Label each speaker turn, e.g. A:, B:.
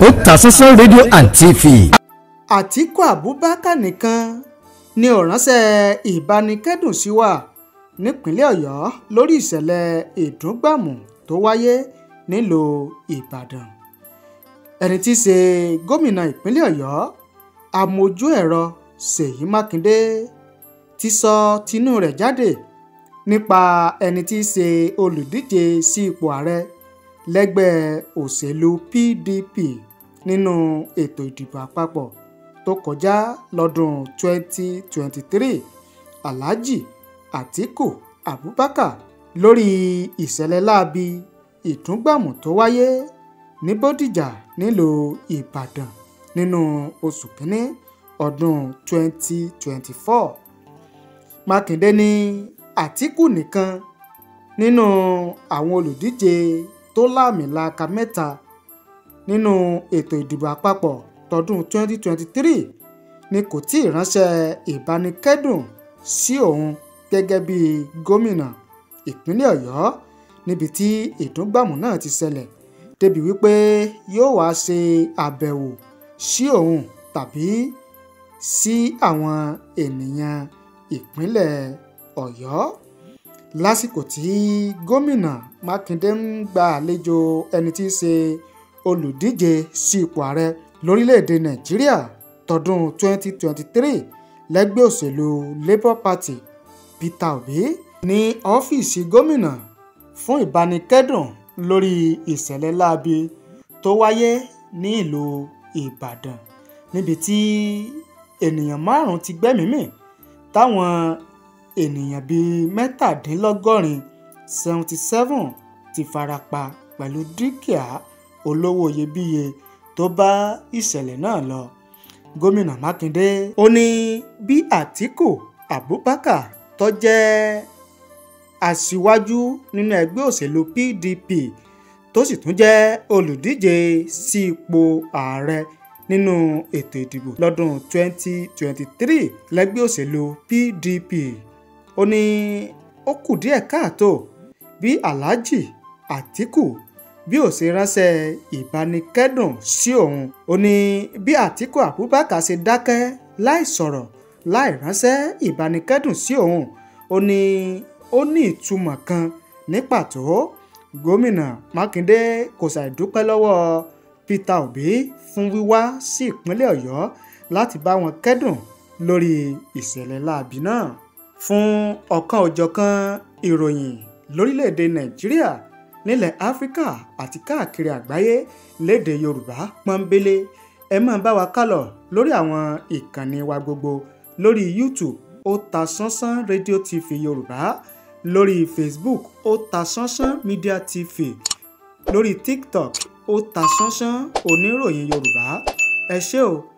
A: Otasansan rédíò and TV. Àtíkù Abubakar nìkan ni òránṣẹ́ ìbánikẹ́dùn sí wa nípínlẹ̀ Ọ̀yọ́ lórí ìṣẹ̀lẹ̀ ìdúngbàmù tó wáyé nílùú Ìbàdàn ẹni tí í ṣe gómìnà ìpínlẹ̀ Ọ̀yọ́ amójú ẹ̀rọ Ṣèyí Mákindé ti sọ tinú rẹ̀ jáde nípa ẹni tí í ṣe olùdíje sí ipò ààrẹ lẹ́gbẹ́ òṣèlú PDP nínú ètò ìdìbò àpapọ̀ tó kọjá lọ́dún 2023 Alhaji Atiku Abubakar lórí ìṣẹ̀lẹ̀ láabi ìdúngbàmù tó wáyé ní Bódìjà nílùú Ìbàdàn nínú oṣù kínní ọdún 2024 Mákindé ní Atiku nìkan nínú àwọn olùdíje tó láàmìlàaka mẹ́ta nínú ètò ìdìbò àpapọ̀ tọdún 2023 ni kò tí ì ránṣẹ́ ìbánikẹ́dùn sí òun gẹ́gẹ́ bí gómìnà ìpínlẹ̀ ọ̀yọ́ níbi tí ìdúngbàmù náà ti ṣẹlẹ̀ débi wípé yóò wá ṣe àbẹ̀wò sí òun tàbí sí àwọn ènìyàn ìpínlẹ̀ ọ̀yọ́ lásìkò tí gómìnà mákindé ń gba àlejò ẹni tí í ṣe olùdíje sí ipò ààrẹ lórílẹ̀‐èdè nàìjíríà tọdún 2023 lẹ́gbẹ́ òṣèlú labour party peter obi ní ọ́fíìsì gómìnà fún ìbánikẹ́dùn lórí ìṣẹ̀lẹ̀ láabi tó wáyé ní ìlú ìbàdàn níbi tí ènìyàn márùn-ún ti gbẹ́mìí mì táwọn ènìyàn bíi mẹ́tàdínlọ́gọ́rin seventy seven ti farapa pẹ̀lú dúkìá olówó iyebíye tó bá ìṣẹ̀lẹ̀ náà lọ. gómìnà mákindé ó ní bí àtíkù abubakar tó jẹ́ aṣíwájú nínú ẹgbẹ́ òṣèlú pdp tó sì tún jẹ́ olùdíje sí ipò ààrẹ nínú ètò ìdìbò lọ́dún 2023 lẹ́gbẹ́ òṣèlú pdp ó ní ó kù díẹ̀ káàtó bí aláàjì àtìkù bí ó ṣe ránṣẹ́ ìbánikẹ́dùn sí òun ó ní bí àtìkù abubakar ṣe dákẹ́ láì sọ̀rọ̀ láì ránṣẹ́ ìbánikẹ́dùn sí òun ó ní ó ní ìtumọ̀ kan ní pàtó gómìnà mákindé kò ṣàì lọ́wọ́ peter obi fún wíwá sí ìpínlẹ̀ ọ̀yọ́ láti bá wọn kẹ́dùn lórí ìṣẹ̀lẹ̀ láabi náà fún ọ̀kan-ò-jọ̀kan ìròyìn lórílẹ̀‐èdè nàìjíríà nílẹ̀ áfíríkà àti káàkiri àgbáyé lédè yorùbá pọ́nbélé ẹ máa bá wa kálọ̀ lórí àwọn ìkànnì wa gbogbo lórí youtube ó ta sánsán rédíò tv yorùbá lórí facebook ó ta sánsán media tv lórí tiktok ó ta sánsán oníròyìn yorùbá ẹ ṣé o